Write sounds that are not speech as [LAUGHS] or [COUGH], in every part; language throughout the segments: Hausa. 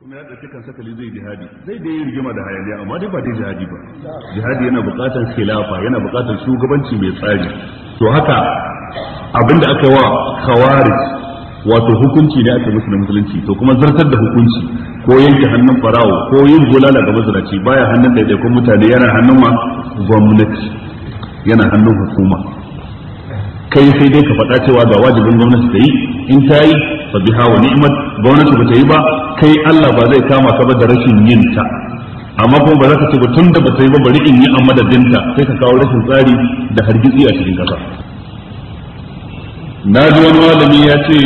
kuma ya ɗauki kan sakali zai jihadi zai da yi rigima da hayaniya amma dai ba dai jihadi ba jihadi yana buƙatar khilafa yana buƙatar shugabanci mai tsari to haka abinda aka yi wa kawari, wato hukunci ne aka musu na musulunci to kuma zartar da hukunci ko yanke hannun farawo ko yin gulala ga mazuraci baya hannun ɗaiɗaikun mutane yana hannun ma gwamnati yana hannun hukuma kai sai dai ka faɗa cewa ga wajibin gwamnati ta yi in ta yi fa biha wa ni'mat gwamnati ba ta yi ba kai Allah ba zai kama ka ba da rashin yin ta amma kuma ba za ka ce ba tun da ba ta yi ba bari in yi a madadinta sai ka kawo rashin tsari da hargitsi a cikin kasa na ji wani malami ya ce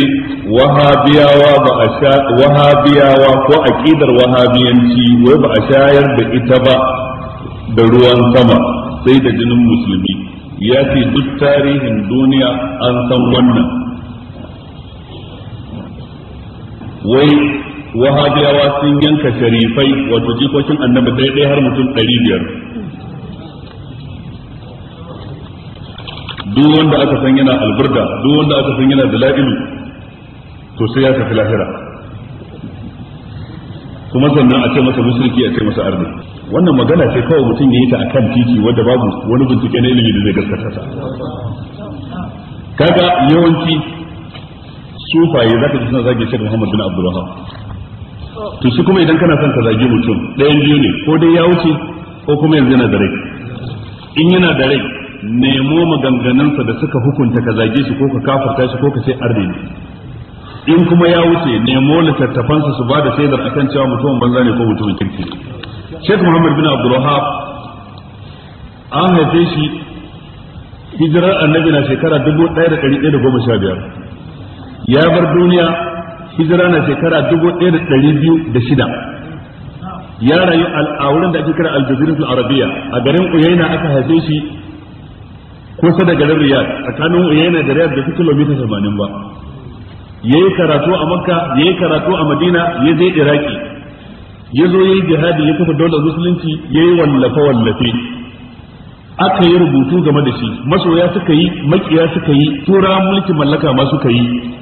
wahabiyawa ba a sha wahabiyawa ko aqidar wahabiyanci wai ba a shayar da ita ba da ruwan sama sai da jinin musulmi ya ce duk tarihin duniya an san wannan wai wahabiyawa sun yanka sharifai wato jikokin annabi daidai har mutum ɗari biyar duk wanda aka san yana alburda duk wanda aka san yana dala'ilu to sai ya tafi lahira kuma sannan a ce masa musulki a ce masa arni wannan magana ce kawai mutum ya yi ta akan titi wadda babu wani bincike na ilimi da zai gaskata ta kaga yawanci sufaye zaka ji suna zage shi da Muhammad bin Abdul Wahab to shi kuma idan kana son ka zage mutum ɗayan biyu ne ko dai ya wuce ko kuma yanzu yana da rai in yana da rai nemo maganganunsa da suka hukunta ka zage shi ko ka kafarta shi ko ka sai arde ne in kuma ya wuce nemo littattafansa su ba da shaidar akan cewa mutumin banza ne ko mutumin kirki Sheikh Muhammad bin Abdul Wahab an haife shi hijirar annabi na shekara da da goma biyar. ya bar duniya hijira na shekara dubu ɗaya da ɗari biyu da shida ya rayu a wurin da ake kira aljazirin arabiya a garin uyaina aka haife shi kusa da garin riyad tsakanin uyaina da riyad da su kilomita tamanin ba ya yi karatu a makka ya yi karatu a madina ya je iraki ya zo ya yi jihadi ya kafa dole musulunci ya yi wallafe wallafe aka yi rubutu game da shi masoya suka yi makiya suka yi tura mulkin mallaka ma suka yi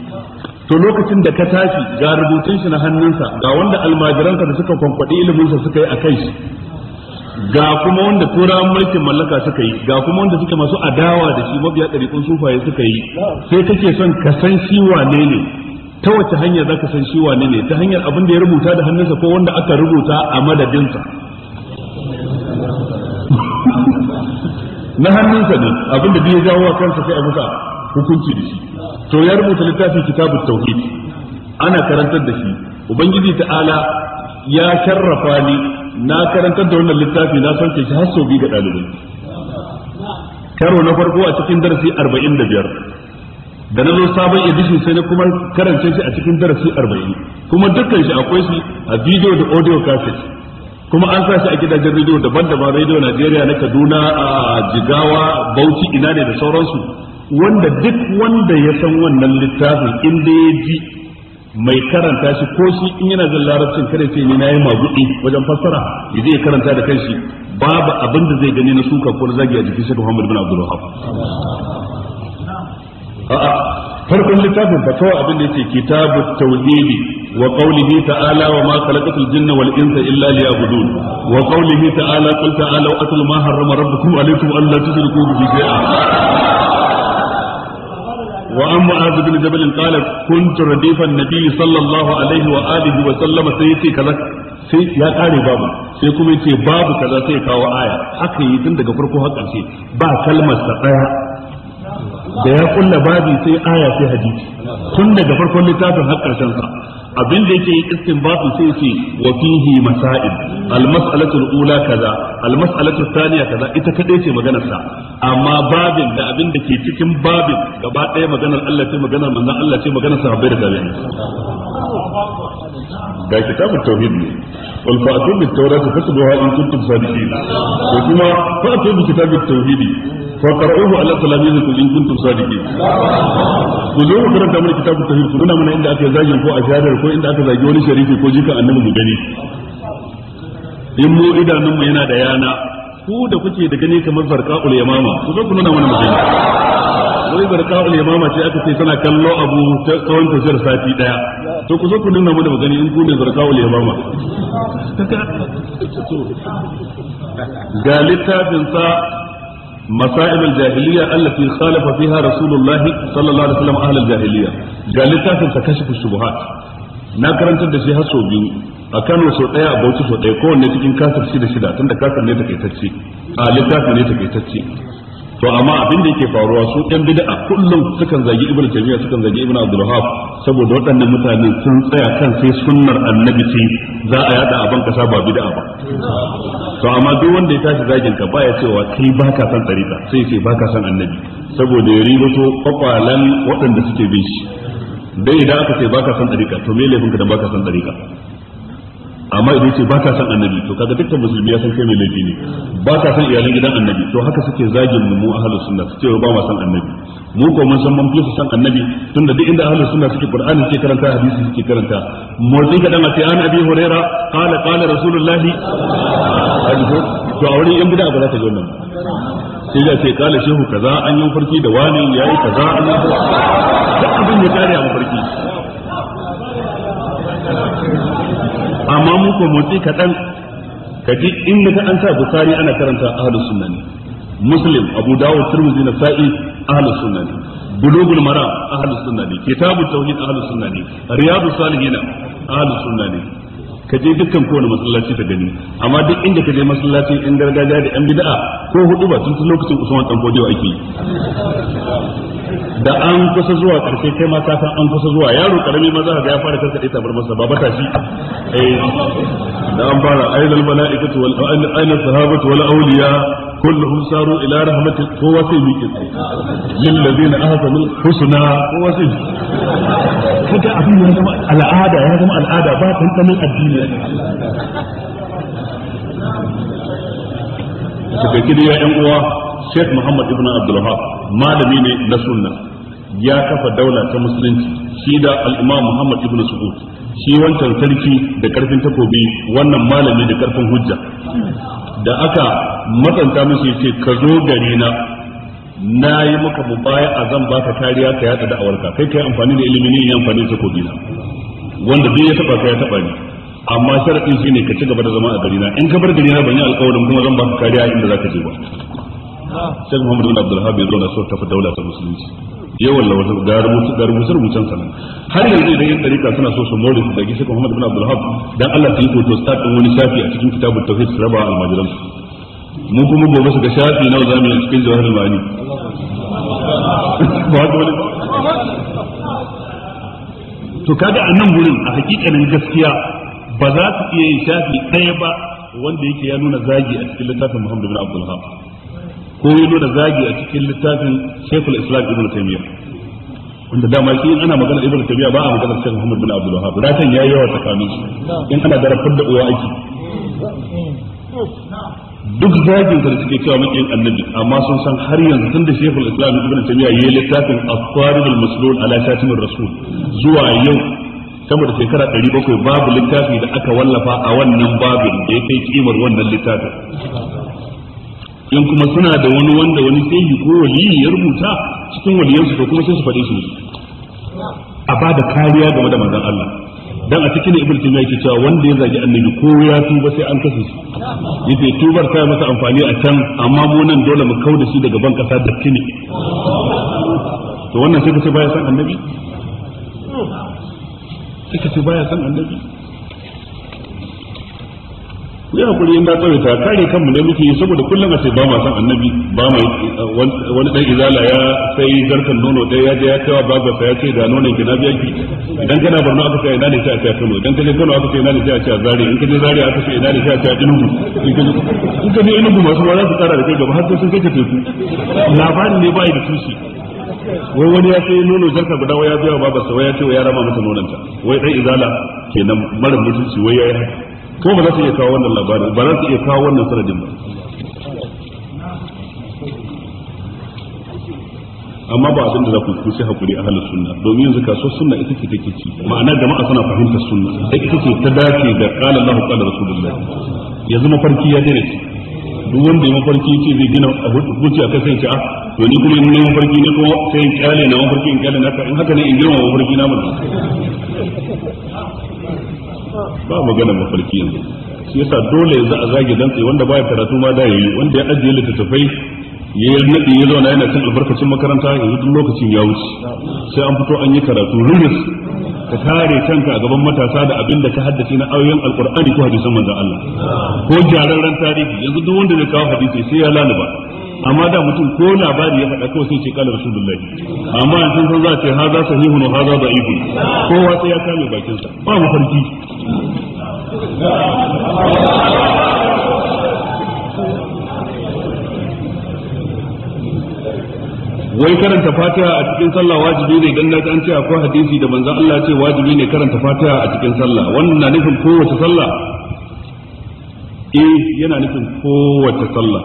to lokacin da ka tashi ga rubutun shi na hannunsa ga wanda almajiranka da suka kwankwaɗi sa suka yi a kai shi ga kuma wanda turawan mulkin mallaka suka yi ga kuma wanda suke masu adawa da shi mabiya ɗariƙun sufaye suka yi sai kake son ka san shi wane ne ta wace hanya zaka san shi wane ne ta hanyar abin da ya rubuta da hannunsa ko wanda aka rubuta a madadinsa [LAUGHS] na hannunsa ne abin da bai jawo kansa sai a musa hukunci da shi to ya rubuta littafin kitabu tauhid ana karantar da shi ubangiji ta'ala ya sharrafa ni na karantar da wannan littafi na sauke shi har sau biyu ga ɗalibai karo na farko a cikin darasi 45 da na zo sabon edition sai na kuma karance shi a cikin darasi 40 kuma dukkan shi akwai shi a video da audio cassette kuma an sa shi a gidajen rediyo daban-daban rediyo Najeriya na Kaduna a Jigawa Bauchi ina ne da sauransu wanda duk wanda ya san wannan littafin in da ya ji mai karanta shi ko shi in yana jin larabcin kada ce ni nayi magudi wajen fassara yaje ya karanta da kanshi babu abin da zai gani na suka ko na zagi a jikin shi Muhammad bin Abdul Wahhab a'a farkon littafin fa kawai abin da yake kitabut tauhidi وقوله تعالى وما خلقت الجن والانس الا ليعبدون وقوله تعالى قل تعالوا اتل ما حرم ربكم عليكم الا تشركوا به شيئا وعن معاذ بن جبل قال كنت رديف النبي صلى الله عليه وآله وسلم سيتي كذا sai ya kare babu sai kuma yace babu kaza sai kawo aya haka yi tun daga farko har ƙarshe ba kalmar sa daya da ya kulla babu sai aya sai hadisi tun daga farkon littafin har ƙarshen sa abin da yake yi istinbatu sai ce wa fihi masail al mas'alatu al ula kaza al mas'alatu thaniya kaza ita kadai ce maganar sa amma babin da abin da ke cikin babin gaba ɗaya maganar Allah ce maganar manzon Allah ce maganar sa sahabbai da tabi'in Da kitabut tauhid ne wal fa'tu bit tawrat fasbuha in kuntum sadiqin ko kuma fa'tu bi kitabut tauhidi wa على ala talamizikum in صادقين. sadiqin ku zo ku karanta mana من عند ku زاجر mana inda كو zagin ko a shahadar ko inda aka zagi wani sharifi ko jikan annabi ديانا gani in mu idanun yana da yana ku da kuke da gani kamar zarqa'ul yamama ku zo ku nuna mana magana wai zarqa'ul yamama ce aka ce tana kallo abu ta tsawon tafiyar sati daya to ku zo ku nuna mana in ku ne yamama ga littafin sa مسائل الجاهلية التي خالف فيها رسول الله صلى الله عليه وسلم أهل الجاهلية na karantar da shi har sau biyu a Kano sau ɗaya a Bauchi sau ɗaya kowanne cikin kasar shida shida tunda kasar ne takaitacce a littafin ne takaitacce to amma abin da yake faruwa su ɗan bid'a kullum sukan zagi ibnu taymiya sukan zagi ibnu abdul saboda waɗannan mutane sun tsaya kan sai sunnar annabi ce za a yada a ban kasa ba bid'a ba to amma duk wanda ya tashi zagin ka baya cewa kai baka san tsarika sai sai baka san annabi saboda ya to kwakwalan waɗanda suke bin shi dai idan aka ce baka san tsarika to me laifin ka da baka san tsarika amma idan ce baka san annabi to kaga dukkan musulmi ya san kai mai laifi ne baka san iyalan gidan annabi to haka suke zagin mu ahlus sunna su ce ba ma san annabi mu ko mun san mun fi san annabi tunda duk inda ahlus sunna suke qur'ani suke karanta hadisi suke karanta mu zai ga dan ce an abi huraira qala qala rasulullahi an ko to a wurin yan gida ba za ta ji wannan sai ya ce kala shehu kaza an yi farki da wani yi kaza an yi da abin ya kare a farki amma mu ko motsi kaɗan ka ji inda ka an sa bukari ana karanta ahlus sunna ne muslim abu dawud tirmidhi nasa'i ahlus sunna ne bulugul maram ahlus sunna ne kitabut tauhid ahlus sunna ne riyadus salihin ahlus sunna ne ka je dukkan kowane masallaci ka gani amma duk inda ka je masallacin in gargajiya da yan bid'a ko hudu ba tun lokacin Usman dan bodewa ake da an kusa zuwa karshe kai ma ka san an kusa zuwa yaro karami ma za ka ya fara karkade bar masa ba bata shi eh da an fara ayyul malaikatu wal ayyul sahabatu wal awliya kullum saru ila rahmatin kowa sai miƙe lil ladina ahsanu husna kowa sai kaga abin ya zama al'ada ya zama al'ada ba tantanin addini suka kidi ya yan uwa Sheikh Muhammad ibn Abdul malami ne na sunna ya kafa daula ta musulunci shi da al-Imam Muhammad ibn Suhud shi wancan sarki da karfin takobi wannan malami da karfin hujja da aka matsanta musu ce ka zo gare na na yi maka mubaya a zan baka kariya ka yada da'awarka kai kai amfani da ilimi ne yi amfani da takobi na wanda biyu ya taba ka ya taba ni amma sharadin shine ka ci gaba da zama a gari na in ka bar gari na ban yi alƙawarin kuma zan baka kariya inda zaka je ba sai Muhammadu bin Abdul ya zo na so tafi daula ta musulunci yawan lawatar da rubutu da rubuce rubucen har yanzu idan yan tarika suna so su more su dagi shi Muhammad bin Abdul Hab dan Allah ta yi hoto start din wani shafi a cikin kitabut tauhid su raba almajiran mun kuma gobe su ga shafi nawa zamu yi cikin jawahirul ma'ani to kaga annan gurin a hakikanin gaskiya ba za su iya yin shafi ɗaya ba wanda yake ya nuna zagi a cikin littafin Muhammad bin Abdul Hab ko ya nuna zagi a cikin littafin Sheikhul Islam Ibn Taymiyyah wanda dama shi in ana magana ibnu tabiya ba a magana cikin Muhammad bin Abdul Wahhab ratan yayi yawa tsakanin su in ana rafar da uwa aiki duk zagin da suke cewa makin annabi amma sun san har yanzu tun da shekul islam ibn tabiya yayi littafin at-tarib al-maslul ala shatim rasul zuwa yau sama da shekara 700 babu littafi da aka wallafa a wannan babin da ya kai kimar wannan littafin in kuma suna da wani wanda wani yi ko waliyi ya rubuta cikin waliyansu to kuma sai su faɗi su a ba da kariya game da manzon Allah dan a cikin ibnu taymiya yake cewa wanda ya zagi annabi ko ya tuba sai an kashe shi yace tubar ta masa amfani a can amma mu nan dole mu kauda shi daga ban kasa da kine to wannan sai ka ce baya san annabi sai ka ce baya san annabi ku yi hakuri in da ta kare kanmu ne muke yi saboda kullum a ce ba ma san annabi ba ma wani dan izala ya sai zarkan nono ɗaya ya je ya cewa babu sa ya ce ga nonon ki na biya ki idan kana barno aka ce ina ne sai a Kano idan kaje Kano aka ce ina ne sai a ce Zari in kaje Zari aka ce ina ne sai a ce in kaje masu ma za su tsara da kai gaba har sai sun kace teku labarin ne ba da tushe wai wani ya sai nono zarka guda wai ya biya wa babarsa wai ya ce wa ya rama masa nonanta wai dan izala kenan mara mutunci wai ya yi haka ko ba za su iya kawo wannan labarin ba za su iya kawo wannan sanadin ba amma ba abin da za ku kusa hakuri a halin sunna domin yanzu kaso sunna ita ce take ci ma'ana jama'a suna fahimtar sunna sai ita ce ta dace da qala Allah qala rasulullah yanzu mafarki ya dare shi duk wanda ya mafarki ce zai gina abuci a kasan shi a ah, to ni kuma ina mafarki ne ko sai in kyale na mafarki in kyale na in haka ne in girma mafarki na mutum ba magana mafarki yanzu shi yasa dole yanzu a zage dantse wanda baya karatu ma da yayi wanda ya ajiye littattafai ya yi nadi ya zauna yana cin albarkacin makaranta yanzu duk lokacin ya wuce sai an fito an yi karatu rumus ka kare kanka a gaban matasa da abin da ka haddace na ayoyin alkur'ani ko hadisan manzon Allah ko jararren tarihi yanzu duk wanda zai kawo hadisi sai ya laluba amma da mutum ko labari ya faɗa kawai sai ce kala rasulullahi amma an san za a ce haza sahihun haza da'ifun kowa sai ya kame bakin sa ba mu farki wai karanta fatiha a cikin sallah wajibi ne idan naji an ce akwai hadisi da manzon Allah ce wajibi ne karanta fatiha a cikin sallah wannan na nufin kowace sallah eh yana nufin kowace sallah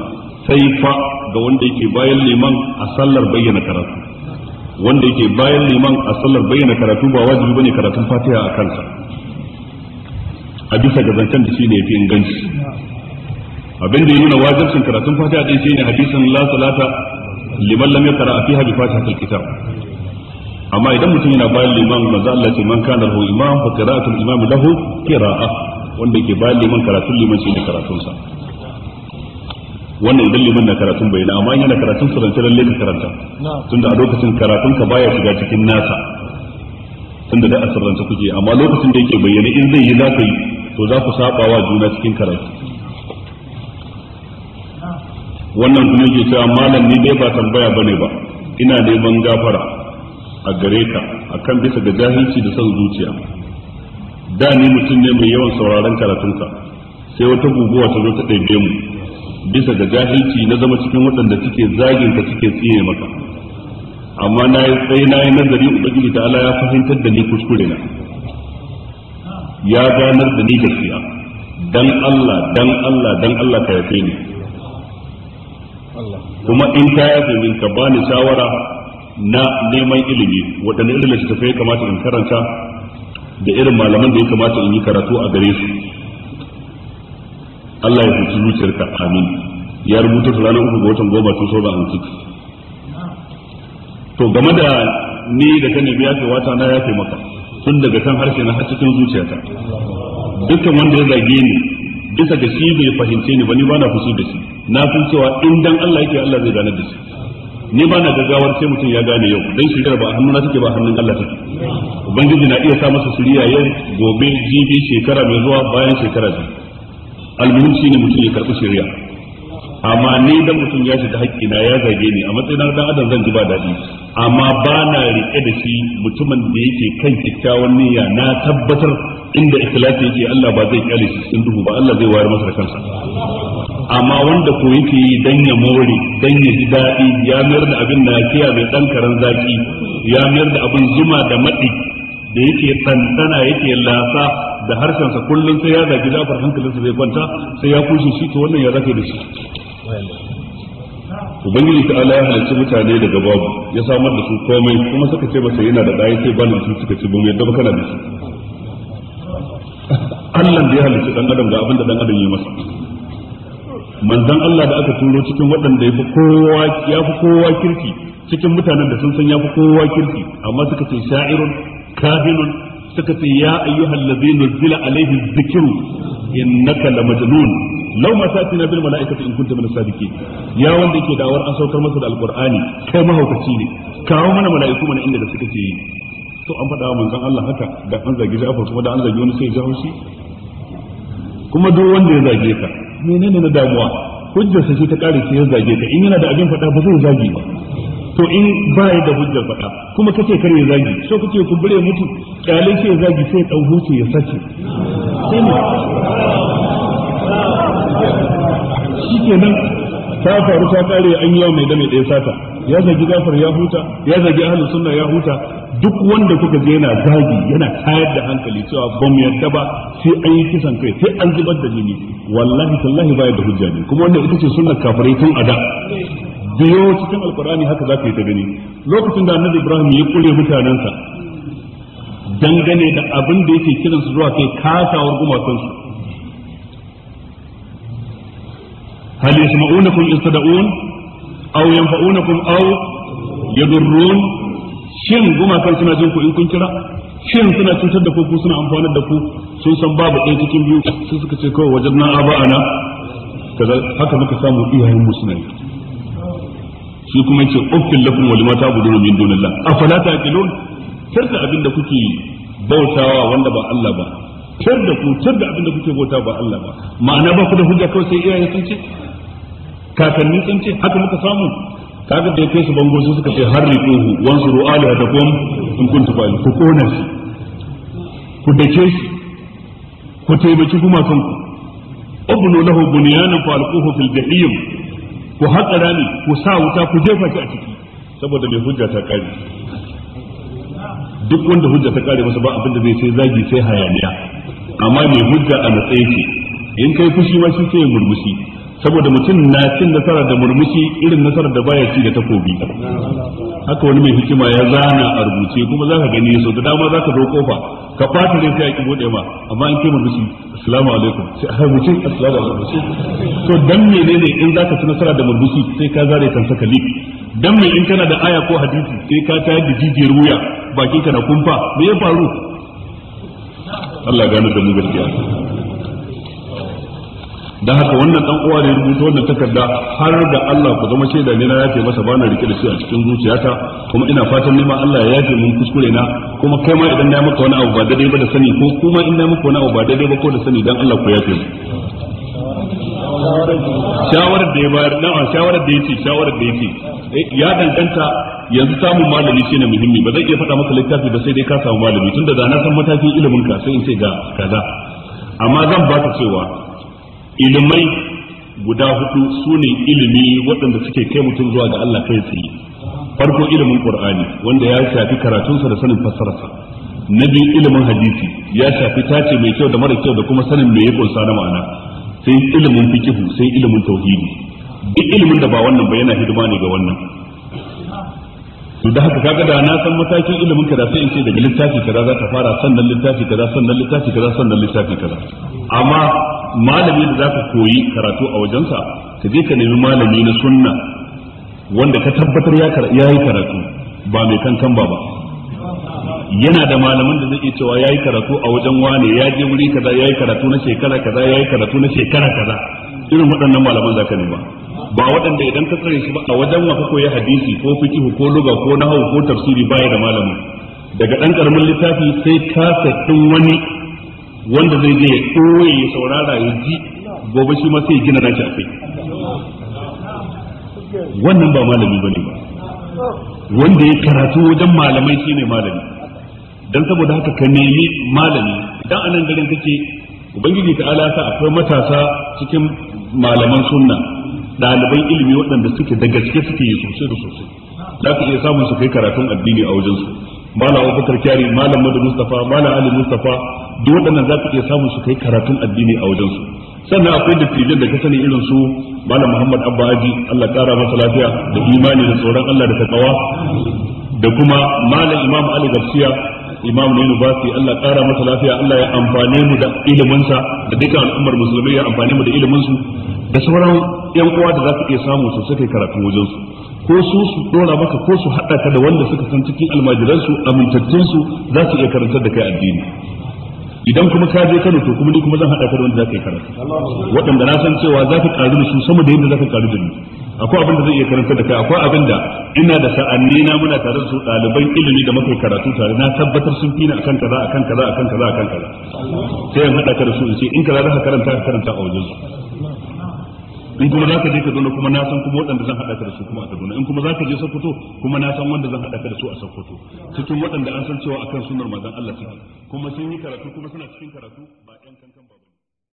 sai fa ga wanda yake bayan liman a sallar bayyana karatu wanda yake bayan liman a sallar bayyana karatu ba wajibi bane karatun fatiha a kansa a bisa ga zancen da shi ne yafi inganci abin da ya nuna wajibcin karatun fatiha din shine hadisin la salata liman lam yaqra fiha bi fatihatil kitab amma idan mutum yana bayan liman manzo Allah ce man kana lahu imam fa qira'atul imam lahu qira'a wanda yake bayan liman karatun liman shine karatun sa wannan idan liman na karatun bai na amma yana karatun surance lalle ka karanta tunda a lokacin karatun ka baya shiga cikin nasa tunda da asirrance kuke amma lokacin da yake bayyana in zai yi za ka yi to za ku saba wa juna cikin karatu wannan kuma yake cewa malam ni dai ba tambaya bane ba ina neman gafara a gare ka akan bisa ga jahilci da son zuciya da ni mutum ne mai yawan sauraron karatunka sai wata guguwa ta zo ta ɗaibe mu bisa ga jahilci na zama cikin waɗanda suke zagin ka suke tsiye maka amma na yi tsaye na yi nazari ubangiji ta ala ya fahimtar da ni kuskure na ya ganar da ni gaskiya dan Allah dan Allah dan Allah ka yafe ni kuma in ka yafe min ka bani shawara na neman ilimi waɗanne irin littattafai ya kamata in karanta da irin malaman da ya kamata in yi karatu a gare su Allah ya huci zuciyarka amin ya rubuta su ranar uku ga watan goma tun sauran ciki to game da ni da ka nemi yafe wata na ya maka tun daga kan harshe na har cikin zuciyata dukkan wanda ya zage ni bisa da shi bai fahimce ni ba ni bana fushi da shi na san cewa in dan Allah yake Allah zai gane da shi ni bana gaggawar sai mutum ya gane yau dan shigar ba na take ba hannun Allah take ubangiji na iya sa masa suriya yau gobe jibi shekara mai zuwa bayan shekara biyu almuhim ne mutum ya karɓi shari'a amma ni dan mutum ya shiga haƙƙina ya zage ni a matsayin dan adam zan ji ba daɗi amma ba na riƙe da shi mutumin da yake kan kyakkyawan niyya na tabbatar inda ikhlasi yake Allah ba zai kyale shi cikin duhu ba Allah zai wayar masa kansa amma wanda ko yake yi dan ya more dan ya ji daɗi ya mayar da abin lafiya mai dan karan zaki ya mayar da abin zuma da maɗi da yake tantana yake lasa da harshensa kullum sai ya zagi Ja'far hankalinsa zai kwanta sai ya kushe shi to wannan ya zaka da shi ubangiji ta Allah ya halarci mutane daga babu ya samar da su komai kuma suka ce masa yana da ɗaya sai ba su suka ce bamu yadda ba kana da shi Allah da ya halarci dan adam ga abin da dan adam ya masa manzon Allah da aka turo cikin waɗanda ya fi kowa ya fi kowa kirki cikin mutanen da sun san ya fi kowa kirki amma suka ce sha'irun kahinun suka ce ya ayyuhal ladzi nuzila alaihi dhikru innaka lamajnun law ma satina bil malaikati in kunta min as-sadiqin ya wanda yake dawar an saukar masa da alqur'ani kai mahaukaci ne kawo mana malaiku mana inda da suka ce yi to an faɗa wa manzon Allah haka da an zagi Ja'far kuma da an zagi wani sai ya kuma duk wanda ya zage ka menene na damuwa hujjar sa ta kare sai ya zage ka in yana da abin faɗa ba zai zage ba to in ba ya da hujjar faɗa kuma ce kar ya zagi so kace kumbure mutu kyalai ke zagi sai dan ya sace sai ke nan ta faru ta ƙare an yi mai da ɗaya sata ya zagi gafar ya huta ya zagi ahli suna ya huta duk wanda kuka je yana zagi yana tayar da hankali cewa ba mu yarda ba sai an yi kisan kai sai an zubar da jini wallahi tallahi baya da hujja ne kuma wanda ita ce sunnar kafirai tun a da biyo cikin alkur'ani haka za ka yi ta gani lokacin da annabi ibrahim ya kure mutanensa dangane da abin da yake kiran su zuwa kai kasawar gumakansu hal yasma'unakum istada'un aw yanfa'unakum aw yadurrun shin gumakan suna jin ku in kun kira shin suna cutar da ku ko suna amfanar da ku sun san babu ɗaya cikin biyu sun suka ce kawai wajen na aba'ana haka muka samu iyayen mu shi kuma yace uffil lakum wa lima ta'budun min dunillah afala taqilun tarda abinda kuke bautawa wanda ba Allah ba tarda ku tarda abinda kuke bautawa ba Allah ba ma'ana ba ku da hujja kawai sai iyaye sun ce kakanni sun ce haka muka samu kaga da ya su bango su suka ce harriquhu wansuru alihatakum in kuntum fa'il ku kona shi ku dake shi ku taimaki gumakan ku ubnu lahu bunyanan fa alquhu fil jahim ku haƙa rami ku sa wuta ku jefa shi a ciki saboda mai hujja ta kare duk wanda hujja ta kare masa ba abin da zai sai zagi sai hayaniya amma mai hujja a matsayi ce in kai fushi ma shi sai murmushi saboda mutum na cin nasara da murmushi irin nasarar da baya ci da takobi haka wani mai hikima ya zana a rubuce kuma za ka gani so da dama za ka zo kofa ka fata ne sai a bude ma amma in ce murmushi assalamu alaikum sai a murmushi assalamu alaikum to dan menene in zaka ci nasara da murmushi sai ka zare kan saka lif. dan me in kana da aya ko hadisi sai ka tayar da jijiyar wuya bakin ka na kumfa me ya faru Allah gane da mu gaskiya Da haka wannan dan uwa ya rubuta wannan takarda har da Allah ku zama shaida ne na yafe masa bana rike da shi a cikin zuciyata kuma ina fatan ma Allah ya yafe mun kuskure na kuma kai ma idan na maka wani abu ba daidai ba da sani ko kuma in na maka wani abu ba daidai ba ko da sani dan Allah ku yafe mu shawarar da ya bayar na'a shawarar da yake shawarar da yake eh, ya danganta yanzu samun malami shi ne muhimmi ba zai iya faɗa maka littafi ba sai dai ka samu malami tunda da na san matakin ilimin ka sai in ce ga kaza amma zan baka cewa ilimai guda hudu su ne ilimi waɗanda suke kai mutum zuwa ga Allah kai tsaye farko ilimin ƙur'ani wanda ya shafi karatunsa da sanin fassararsa na biyu ilimin hadisi ya shafi tace mai kyau da mara kyau da kuma sanin me ya kunsa na ma'ana sai ilimin fikihu sai ilimin tauhidi duk ilimin da ba wannan ba yana hidima ne ga wannan to da haka kaga da na san matakin ilimin ka sai in ce daga littafi kaza za ta fara sannan littafi kaza sannan littafi kaza sannan littafi kaza amma malami da zaka koyi karatu a wajensa ka je ka nemi malami na sunna wanda ka tabbatar ya yi karatu ba mai kankan ba ba yana da malaman da zai cewa ya yi karatu a wajen wane ya je wuri kaza ya yi karatu na shekara kaza ya yi karatu na shekara kaza irin waɗannan malaman zaka nema ba waɗanda idan ka tsare shi ba a wajen wa koyi hadisi ko fiqh ko lugha ko nahwu ko tafsiri baya da malami daga ɗan ƙaramin littafi sai ka ɗin wani wanda zai je ya koye ya saurara ya ji gobe shi ma sai gina nashi akai wannan ba malami bane ba wanda ya karatu wajen malamai shine malami dan saboda haka ka nemi malami dan anan garin kake ubangiji ta ala sa akwai matasa cikin malaman sunna ɗaliban ilimi waɗanda suke da gaske suke yi sosai da sosai za ka iya samun su kai karatun addini a wajensu. su malam abubakar kyari malam madu mustafa malam ali mustafa duk waɗannan za ka iya samun su kai karatun addini a wajen su sannan akwai da dattijan da ka sani irin su malam muhammad abba aji allah kara masa lafiya da imani da tsoron allah da takawa da kuma malam imam ali garcia imam ne nubasi allah kara masa lafiya allah ya amfane mu da iliminsa da dukkan al'ummar musulmi ya amfane mu da iliminsu da sauran yan uwa da za ka iya samu su suka karatun wajen su ko su su dora maka ko su haɗa ka da wanda suka san cikin almajiransu amintattun su za su iya karantar da kai addini idan kuma ka je Kano to kuma ni kuma zan hada ka da wanda zaka yi karatu waɗanda na san cewa zaka karu da su sama da yadda zaka karu da ni akwai abin da zai iya karanta da kai akwai abin da ina da sa'anni na muna tare da su ɗaliban ilimi da muka karatu tare na tabbatar sun fina akan kaza akan kaza akan kaza akan kaza sai in hada ka da su in ce in kaza zaka karanta ka karanta a wajen su in kuma zaka je Kaduna kuma na san kuma waɗanda zan hada ka da su kuma a Kaduna in kuma zaka je Sokoto kuma na san wanda zan haɗa ka da su a Sokoto cikin waɗanda an san cewa akan sunnar manzon Allah suke kuma sun yi karatu kuma suna cikin karatu